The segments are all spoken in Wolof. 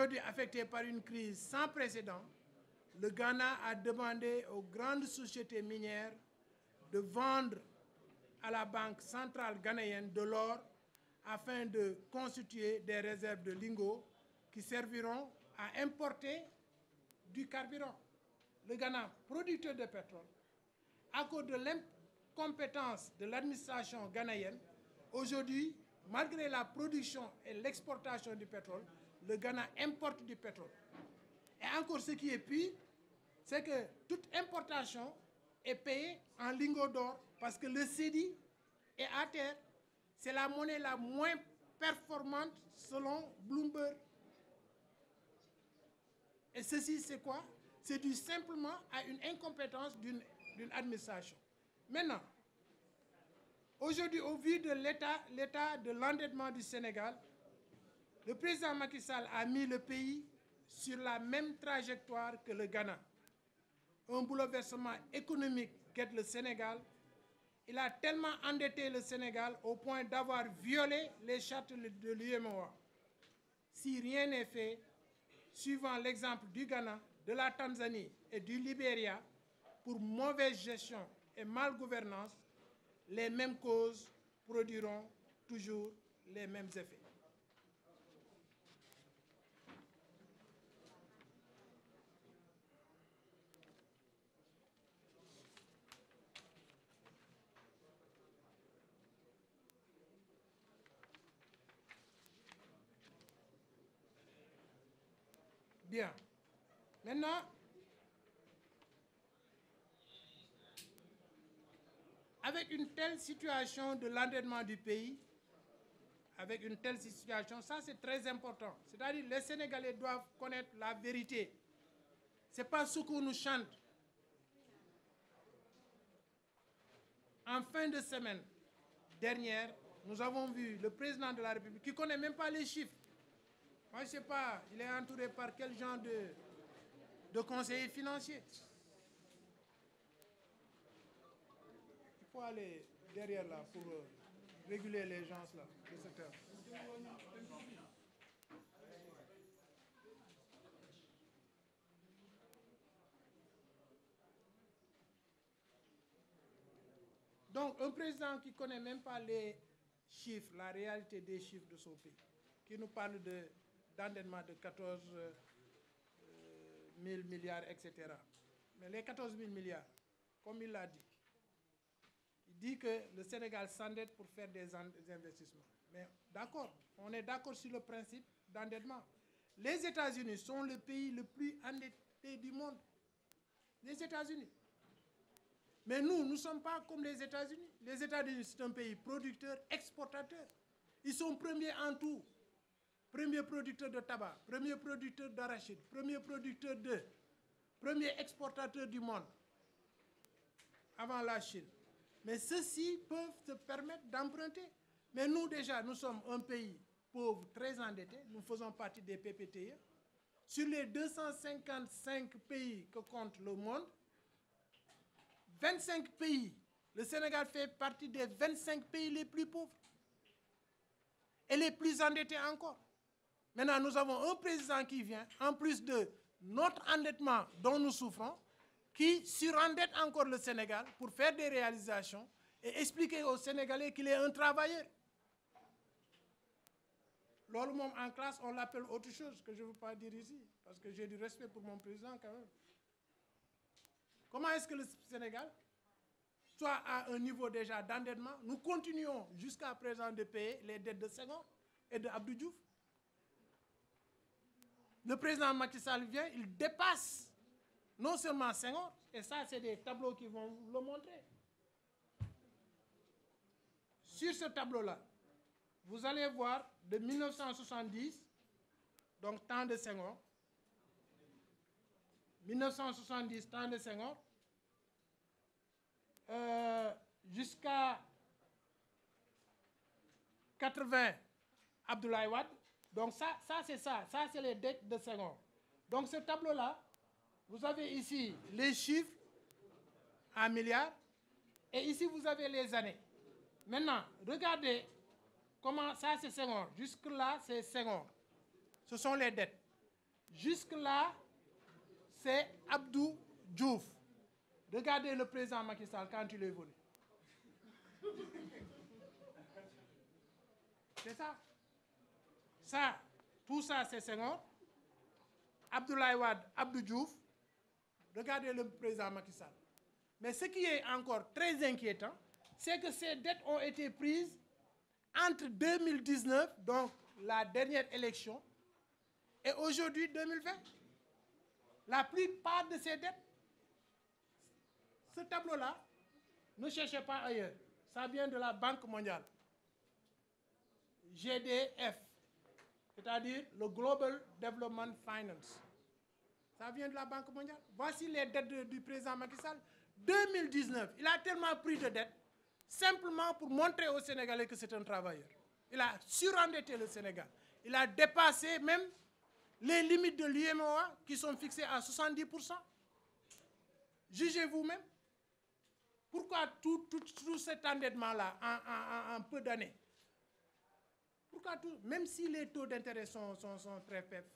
aujourd'hui affecté par une crise sans précédent, le Ghana a demandé aux grandes sociétés minières de vendre à la Banque centrale ghanéenne de l'or afin de constituer des réserves de lingots qui serviront à importer du carburant. Le Ghana, producteur de pétrole, à cause de l'incompétence de l'administration ghanéenne, aujourd'hui malgré la production et l'exportation du pétrole, le gana importe du pétrole. Et encore ce qui est pire, c'est que toute importation est payée en lingots d'or parce que le CEDI est à terre. C'est la monnaie la moins performante selon Bloomberg. Et ceci, c'est quoi? C'est dû simplement à une incompétence d'une d'une administration. Maintenant, Aujourd'hui, au vu de l'état de l'endettement du Sénégal, le président Macky Sall a mis le pays sur la même trajectoire que le Ghana. Un bouleversement économique qu'est le Sénégal. Il a tellement endetté le Sénégal au point d'avoir violé les chartes de l'UMOA. Si rien n'est fait, suivant l'exemple du Ghana, de la Tanzanie et du Libéria, pour mauvaise gestion et mal gouvernance, les mêmes causes produiront toujours les mêmes effets. Bien. avec une telle situation de l'endettement du pays, avec une telle situation, ça c'est très important. C'est-à-dire les Sénégalais doivent connaître la vérité. Ce n'est pas ce qu'on nous chante. En fin de semaine dernière, nous avons vu le président de la République, qui ne connaît même pas les chiffres. Moi, je ne sais pas, il est entouré par quel genre de, de conseillers financiers. faut aller derrière euh, les gens là de cette Donc un président qui connaît même pas les chiffres, la réalité des chiffres de son pays, qui nous parle de d'endettement de 14 euh, 000 milliards, etc. Mais les 14 000 milliards, comme il l'a dit, dit que le Sénégal s'endette pour faire des investissements. Mais d'accord, on est d'accord sur le principe d'endettement. Les États-Unis sont le pays le plus endetté du monde. Les États-Unis. Mais nous, nous ne sommes pas comme les États-Unis. Les États-Unis, un pays producteur, exportateur. Ils sont premiers en tout. Premier producteur de tabac, premier producteur d'arachide, premier producteur de premier exportateurs du monde, avant la Chine. Mais ceux-ci peuvent se permettre d'emprunter. Mais nous déjà, nous sommes un pays pauvre, très endetté. Nous faisons des PPTE. Sur les 255 pays que compte le monde, 25 pays, le Sénégal fait partie des 25 pays les plus pauvres et les plus endettés encore. Maintenant, nous avons un président qui vient, en plus de notre endettement dont nous souffrons, qui surendette encore le Sénégal pour faire des réalisations et expliquer aux Sénégalais qu'il est un travailleur. Loolu moom en classe on l'appelle autre chose que je veux pas dire ici parce que j'ai du respect pour mon président quand même. Comment est-ce que le Sénégal soit à un niveau déjà d'endettement? Nous continuons jusqu'à présent de payer les dettes de Senghor et de Abdou Diouf. Le président Macky Sall vient, il dépasse non seulement Senghor, et ça c'est des tableaux qui vont vous le montrer. Sur ce tableau-là, vous allez voir de donc temps de Senghor, 1970, temps de Senghor, euh, jusqu'à 80, Abdoulaye Wade. Donc ça, ça c'est ça, ça c'est les de Senghor. Donc ce tableau-là, Vous avez ici les chiffres en milliards et ici vous avez les années. Maintenant, regardez comment ça c'est second. Jusque-là, c'est second. Ce sont les dettes. Jusque-là, c'est Abdou Diouf. Regardez le président Macky Sall quand il est ça. Ça, tout ça c'est second. Abdoulaye Wade, Abdou Diouf. Regardez le président Macky Sall. Mais ce qui encore très inquiétant, c'est que ces dettes ont été prises entre 2019, donc la dernière élection, et aujourd'hui 2020. La plupart de ces dettes, ce tableau-là, ne pas ailleurs. Ça de la Banque mondiale. GDF, c'est-à-dire le Global Development Finance. Ça vient de la Banque mondiale. les dettes du président Macky Sall. 2019, il a tellement de dettes, simplement pour montrer aux que c'est un travailleur. Il a le Sénégal. Il a dépassé même les limites de l'UMOA qui sont fixées à 70%. Jugez vous-même. Pourquoi tout, tout, tout cet endettement-là en, en, en, peu d'années Pourquoi tout Même si les taux d'intérêt sont, sont, sont très faibles,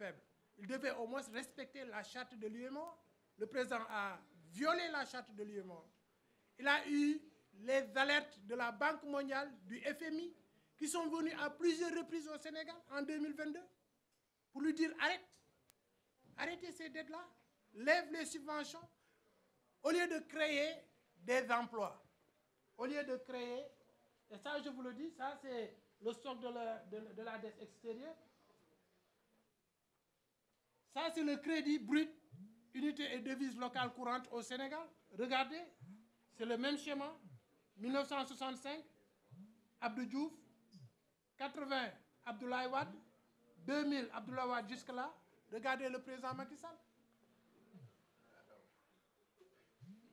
il devait au moins respecter la charte de l'UEMOA. Le président a violé la charte de l'UEMOA. Il a les alertes de la Banque mondiale, du FMI, qui sont venues à plusieurs reprises au Sénégal en 2022 pour lui dire arrête, arrêtez ces dettes-là, les subventions, au de créer des emplois, au lieu de créer, et ça je le dis, de la, de, la dette extérieure, Ça, c'est le crédit brut, unité et devise locale courante au Sénégal. Regardez, c'est le même schéma. 1965, Abdou Diouf, 80, Abdoulaye Wad, 2000, Abdoulaye Wad jusque-là. Regardez le président Macky Sall.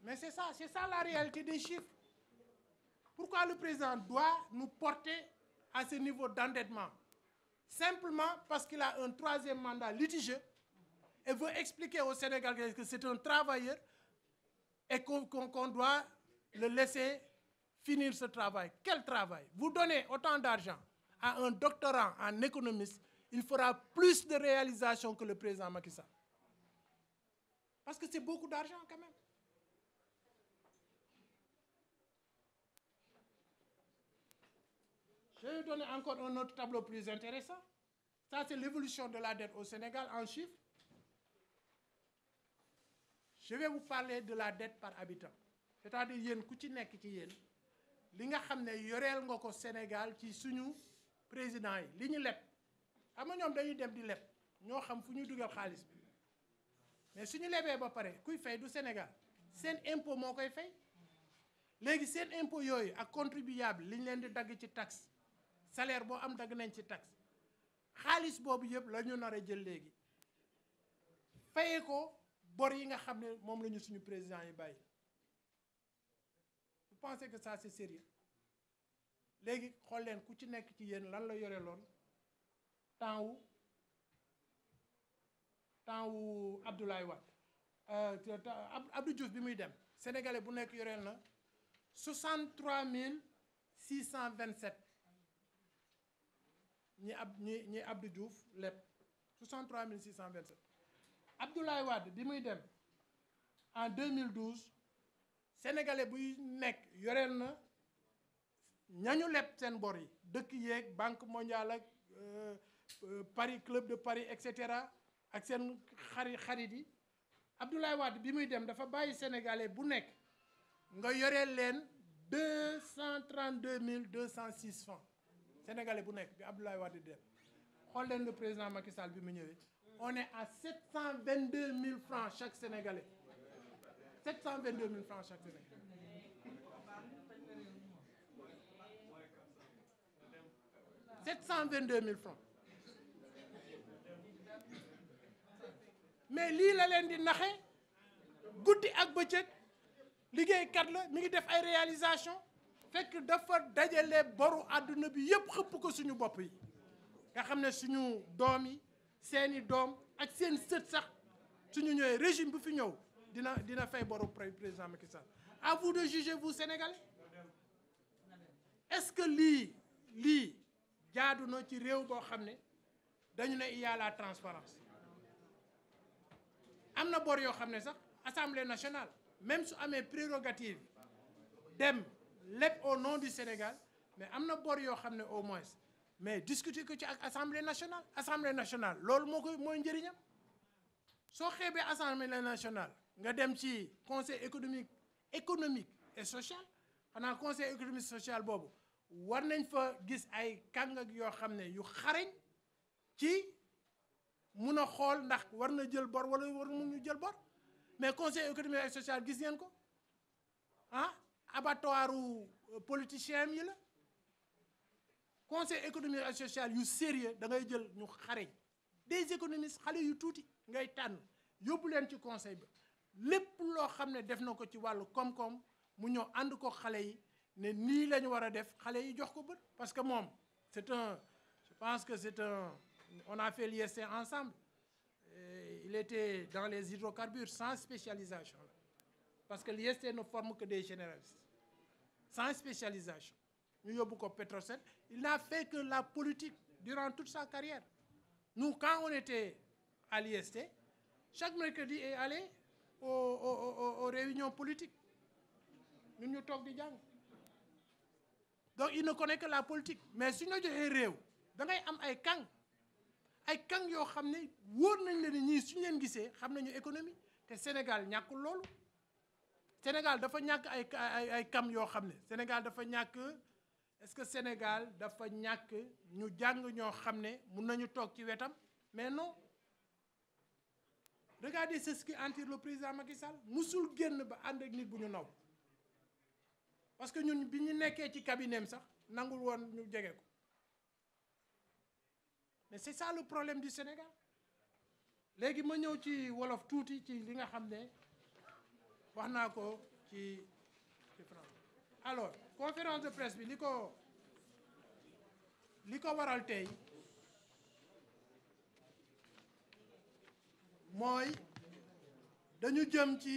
Mais c'est ça, c'est ça la réalité des chiffres. Pourquoi le président doit nous porter à ce niveau d'endettement Simplement parce qu'il un troisième mandat litigieux et veut expliquer aux Sénégalais que c'est un travailleur et qu'on doit le laisser finir ce travail. Quel travail Vous donnez autant d'argent à un doctorant en économiste, il fera plus de réalisation que le président Macky Sall. Parce que c'est beaucoup d'argent quand même. Je vais donner encore un autre tableau plus intéressant. Ça, c'est l'évolution de la dette au Sénégal en chiffres. je vais parler de la dette par habitant c'est-à-dire yéen ku ci nekk ci yéen li nga xam ne yoreel nga ko Sénégal ci suñu président yi li ñu leb am nga ñoom dañuy dem di leb ñoo xam fu ñuy dugal xaalis bi mais suñu lebee ba pare kuy fay du Sénégal seen impôt moo koy fay léegi seen impôt yooyu ak contribuable li ñu leen di dagg ci taxe salaire boo am dagg nañ ci taxe xaalis boobu yëpp la ñu nar a jël léegi fayee ko bor yi nga xam ne moom la ñu suñu président yi bàyyi vous pensez que ça c'est sérieux léegi xool leen ku ci nekk ci yéen lan la yore lool temps wu temps wu Abdoulaye Wade euh, Abdou Diouf bi muy dem sénégalais bu nekk yoreel na 63 627 ñi ab ñi ñi Abdou Diouf lépp 63 627 Abdoulaye Wade bi muy dem en 2012 sénégalais buy nekk yoreel na ñañu leb seen bor yi dëkk yeeg banque mondiale ak euh, euh, Paris club de Paris et cetera ak seen xari xarit yi Abdoulaye Wade bi muy dem dafa bàyyi sénégalais bu nekk nga yoreel leen deux cent trente deux mille deux cent six francs sénégalais bu nekk bi Abdoulaye Wade di dem xool leen le président Macky Sall bi mu ñëwee. on est à 722 000 francs chaque Sénégalais 722 000 francs chaque Sénégalais sept cent vingt deux mille francs mais lii la leen di naxe guddi ak bëccëg liggéeykat la mi ngi def ay réalisation fekk dafa dajale boru àdduna bi yépp xëpp ko suñu bopp yi nga xam ne suñu doom yi seeni doom ak seen sët sax ñu ñëwee régime bu fi ñëw dina dina fay boru président Macky Sall à vous de juger vous Sénégalais est-ce que lii lii jaadu na ci réew boo xam ne dañu ne il y la transparence am na bor yoo xam ne sax assemblée nationale même su amee prérogative dem lépp au nom du Sénégal mais am na bor yoo xam ne au moins mais discuter ko ci ak assemblée nationale assemblée nationale loolu moo koy mooy njëriñam soo xeebee assemblée nationale nga dem ci conseil économique économique et social xanaa conseil économique sociale boobu war nañ fa gis ay kàngak yoo xam ne yu xariñ ci mun a xool ndax war na jël bor wala war mun ñu jël bor mais conseil économique et social gis ngeen ko ah abattoiru politicien yi la conseil économique et social yu sérieux da ngay jël ñu xareñ des économistes xale yu tuuti ngay tànn yóbbu leen ci conseil bi lépp loo xam ne def na ko ci wàllu koom-koom mu ñëw ànd ko xale yi ne nii la ñu war a def xale yi jox ko bët parce que moom c'est un je pense que c'est un on a fait l'IST ensemble Et il était dans les hydrocarbures sans spécialisation la parce que l'IST ne forme que des généralistes sans spécialisation ñu yóbbu ko Petrosen il n'a fait la politique durant toute sa carrière nu quand on était à l'IST chaque mercredi est allé aux aux aux réunions politiques ñu toog di jàng donc il ne connaît que la politique mais su ñu la joxee réew da ngay am ay kang ay kang yoo xam ne wóor nañ leen ñii suñu leen gisee xam nañu économie te Sénégal ñàkk loolu Sénégal dafa ñàkk ay ay ay kam yoo xam ne Sénégal dafa ñàkk. est-ce que Sénégal dafa ñàkk ñu jàng ñoo xam ne mun nañu toog ci wetam mais non regardez c'est ce qui entoure le président Macky Sall génn ba ànd ak nit bu ñu naw parce que ñu bi ñu nekkee ci cabineem sax nangul woon ñu jege ko mais c'est ça problème du Sénégal léegi ma ñëw ci wolof tuuti ci li nga xam ne wax naa ko ci ci France conférence de presse bi li ko li ko waral tey mooy dañu jëm ci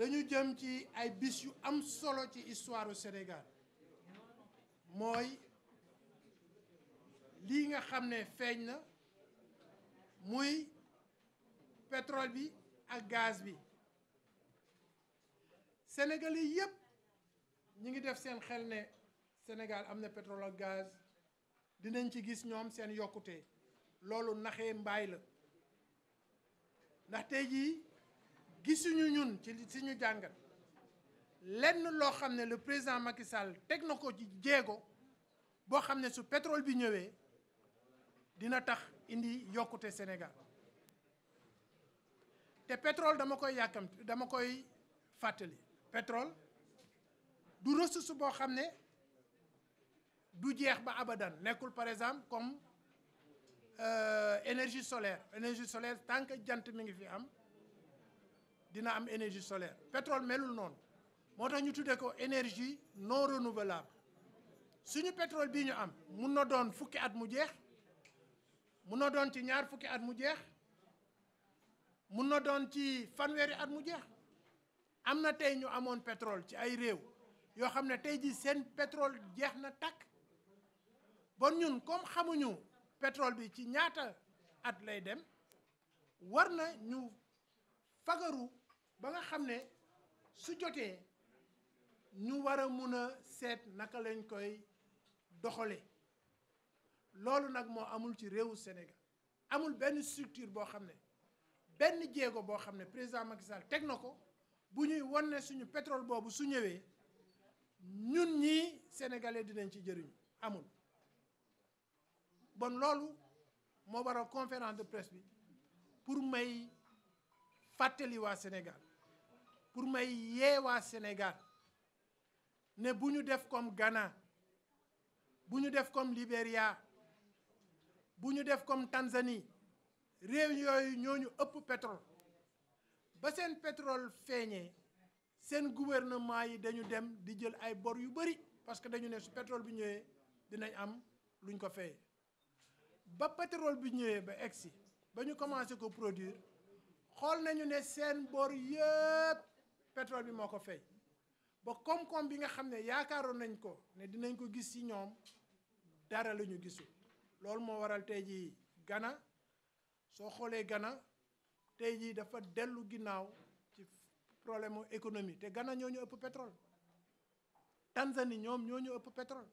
dañu jëm ci ay bis yu am solo ci histoire du Sénégal mooy lii nga xam ne feeñ na muy pétrole bi ak gaz bi sénégalais yëpp ñi ngi def seen xel ne Sénégal am na pétrole ak gaz dinañ ci gis ñoom seen yokkute loolu naxee mbaay la ndax tey jii gisuñu ñun ci suñu jàngat lenn loo xam ne le président Macky Sall teg na ko ci jéego boo xam ne su pétrole bi ñëwee dina tax indi yokkute Sénégal te pétrole dama koy yàkkamti dama koy fàttali pétrole du ressource boo xam ne du jeex ba abadan nekkul par exemple comme euh, énergie solaire énergie solaire tant que jant mi ngi fi am dina am énergie solaire pétrole melul noonu moo tax ñu tuddee ko énergie non renouvelable suñu pétrole bii ñu am mun na doon fukki at mu jeex mun na doon ci ñaar fukki at mu jeex mun na doon ci fanweeri at mu jeex am na tey ñu amoon pétrole ci ay réew yoo xam ne tey ji seen pétrole jeex na takk bon ñun comme xamuñu pétrole bi ci ñaata at lay dem war na ñu fagaru ba nga xam ne su jotee ñu war a mun a seet naka lañ koy doxale loolu nag moo amul ci réewu Sénégal amul benn structure boo xam ne benn jéego boo xam ne président Macky teg na ko bu ñuy wan suñu pétrole boobu su ñëwee ñun ñi sénégalais dinañ ci jëriñu amul bon loolu moo waral conférence de presse bi pour may fàttali waa Sénégal pour may yee waa Sénégal ne bu ñu def comme Ghana bu ñu def comme Libéria bu ñu def comme Tanzanie réew yooyu ñoo ñu ëpp pétrole ba seen pétrole feeñee seen gouvernement yi dañu dem di jël ay bor yu bëri parce que dañu ne su pétrole bi ñëwee dinañ am luñ ko fay ba pétrole bi ñëwee ba egsi ba ñu commencé ko produire xool nañu ne seen bor yëpp pétrole bi moo ko fay ba koom-koom bi nga xam ne yaakaaroon nañ ko ne dinañ ko gis ci ñoom dara la ñu gisul loolu moo waral tey ji gana soo xoolee gana tey jii dafa dellu ginnaaw ci problème mu économie te Ghana ñoo ñu ëpp pétrole Tanzanie ñoom ñoo ñu ëpp pétrole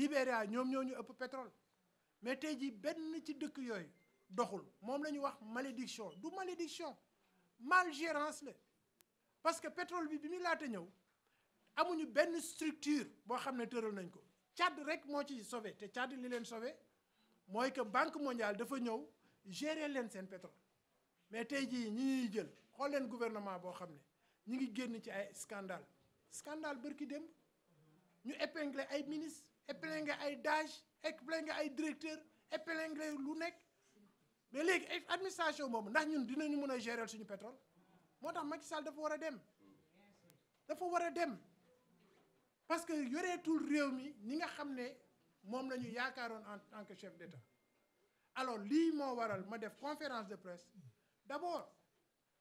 Libéria ñoom ñooñu ëpp pétrole mais tey jii benn ci dëkk yooyu doxul moom la ñu wax malédiction du mal malgérance la parce que pétrole bi bi muy laate ñëw amuñu benn structure boo xam ne tëral nañ ko Tchad rek moo ci sove te Tchad li leen sove mooy que Banque mondiale dafa ñëw gérer leen seen pétrole mais tey jii ñi ñuy jël xool leen gouvernement boo xam ne ñi ngi génn ci ay scandale scandale bërki démb ñu épinglé ay ministre épinglé ay DAGE épinglé ay directeur épinglé lu nekk mais léegi administration boobu ndax ñun dinañu mën a gérer suñu pétrole moo tax Macky Sall dafa war a dem dafa war a dem parce que yoreetul réew mi ñi nga xam ne moom la ñu yaakaaroon en tant que chef d'État alors lii moo waral ma def conférence de presse d'abord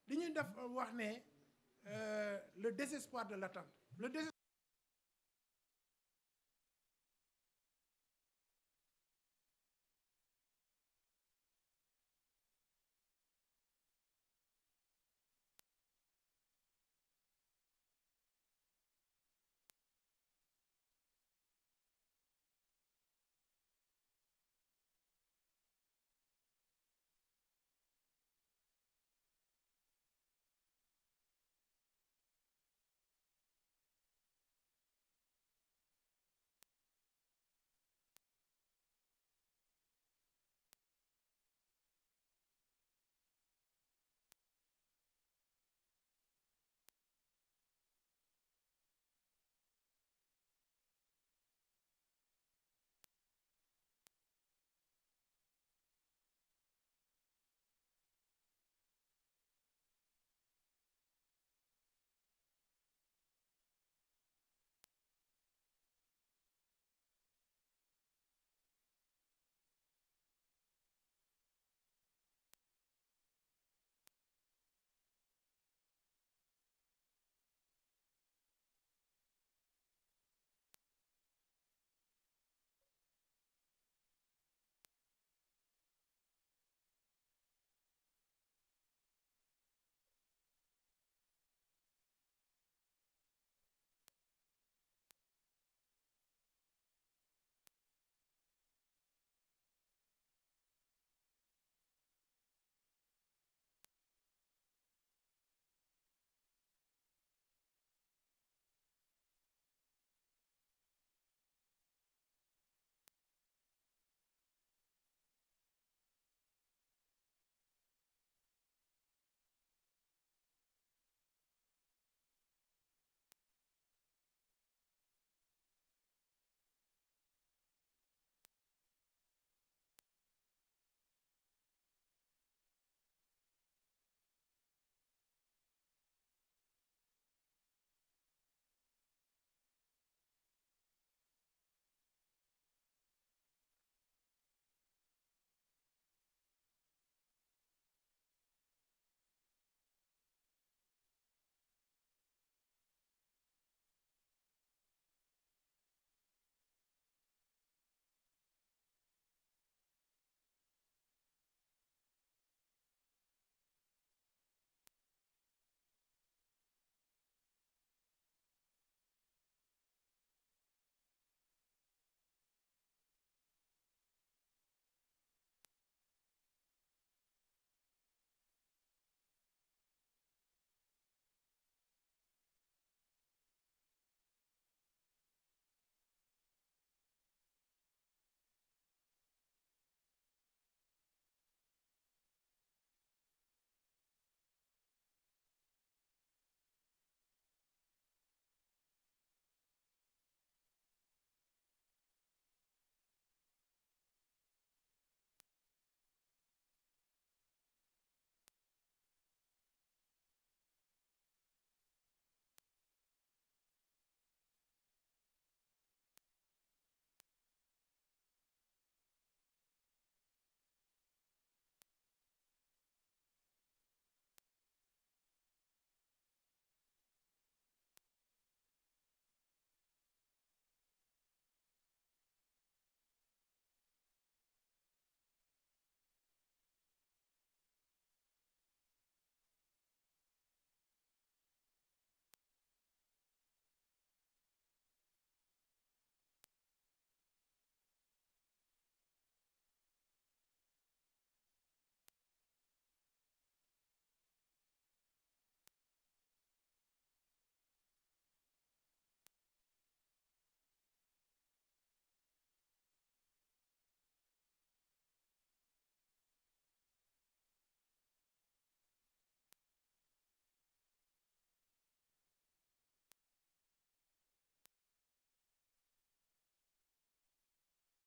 li ñuy def wax ne euh, le désespoir de la le